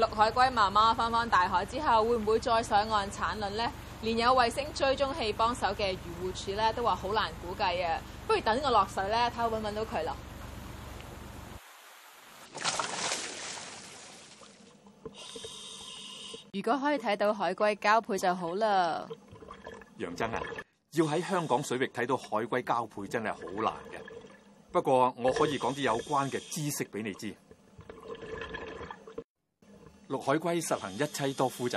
綠海龜媽媽翻返大海之後，會唔會再上岸產卵呢？連有衛星追蹤器幫手嘅漁護署咧，都話好難估計啊！不如等我落水咧，睇下搵唔搵搵到佢咯。如果可以睇到海龜交配就好啦。楊真啊，要喺香港水域睇到海龜交配真係好難嘅。不過我可以講啲有關嘅知識俾你知。綠海龜實行一妻多夫制，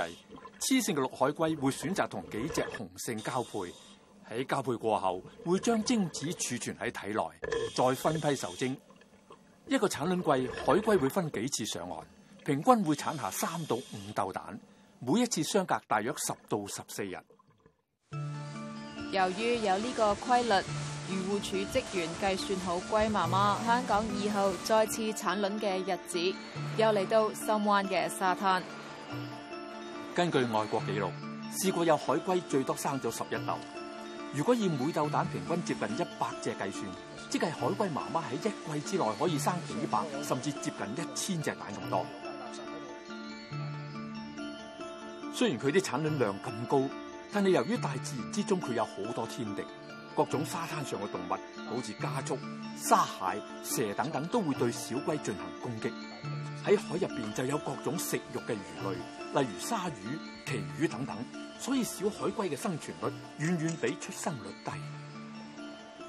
雌性嘅綠海龜會選擇同幾隻雄性交配。喺交配過後，會將精子儲存喺體內，再分批受精。一個產卵季，海龜會分幾次上岸，平均會產下三到五竇蛋，每一次相隔大約十到十四日。由於有呢個規律。漁護署職員計算好龜媽媽香港二號再次產卵嘅日子，又嚟到深灣嘅沙灘。根據外國紀錄，試過有海龜最多生咗十一竇。如果以每竇蛋平均接近一百隻計算，即係海龜媽媽喺一季之內可以生幾百甚至接近一千隻蛋咁多。雖然佢啲產卵量咁高，但係由於大自然之中佢有好多天敵。各種沙灘上嘅動物，好似家畜、沙蟹、蛇等等，都會對小龜進行攻擊。喺海入邊就有各種食肉嘅魚類，例如鯊魚、旗魚等等，所以小海龜嘅生存率遠遠比出生率低。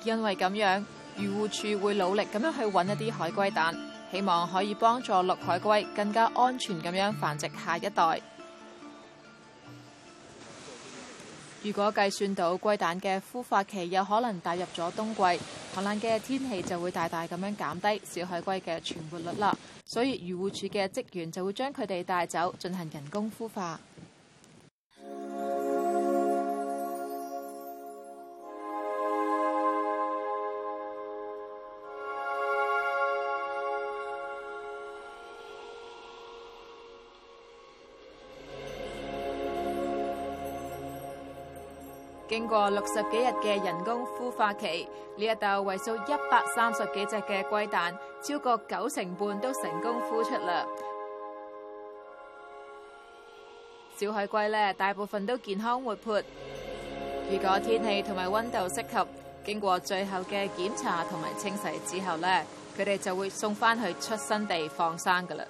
因為咁樣，漁護處會努力咁樣去搵一啲海龜蛋，希望可以幫助綠海龜更加安全咁樣繁殖下一代。如果計算到龜蛋嘅孵化期有可能帶入咗冬季寒冷嘅天氣，就會大大咁樣減低小海龜嘅存活率啦。所以漁護署嘅職員就會將佢哋帶走進行人工孵化。經過六十幾日嘅人工孵化期，呢一度為數一百三十幾隻嘅龜蛋，超過九成半都成功孵出啦。小海龜咧，大部分都健康活潑。如果天氣同埋温度適合，經過最後嘅檢查同埋清洗之後呢，佢哋就會送翻去出生地放生噶啦。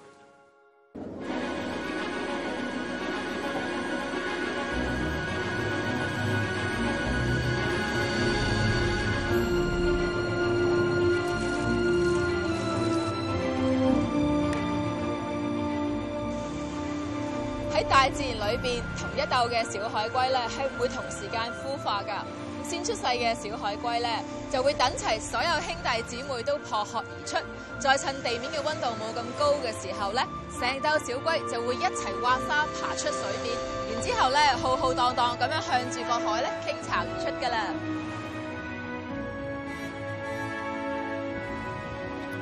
喺大自然裏邊，同一竇嘅小海龜咧係唔會同時間孵化噶。先出世嘅小海龜咧就會等齊所有兄弟姊妹都破殼而出，再趁地面嘅溫度冇咁高嘅時候咧，成竇小龜就會一齊挖沙爬出水面，然之後咧浩浩蕩蕩咁樣向住個海咧傾巢而出噶啦。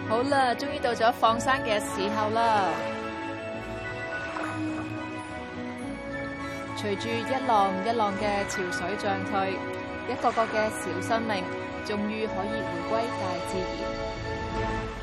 好啦，終於到咗放生嘅時候啦。隨住一浪一浪嘅潮水漲退，一個個嘅小生命，終於可以回歸大自然。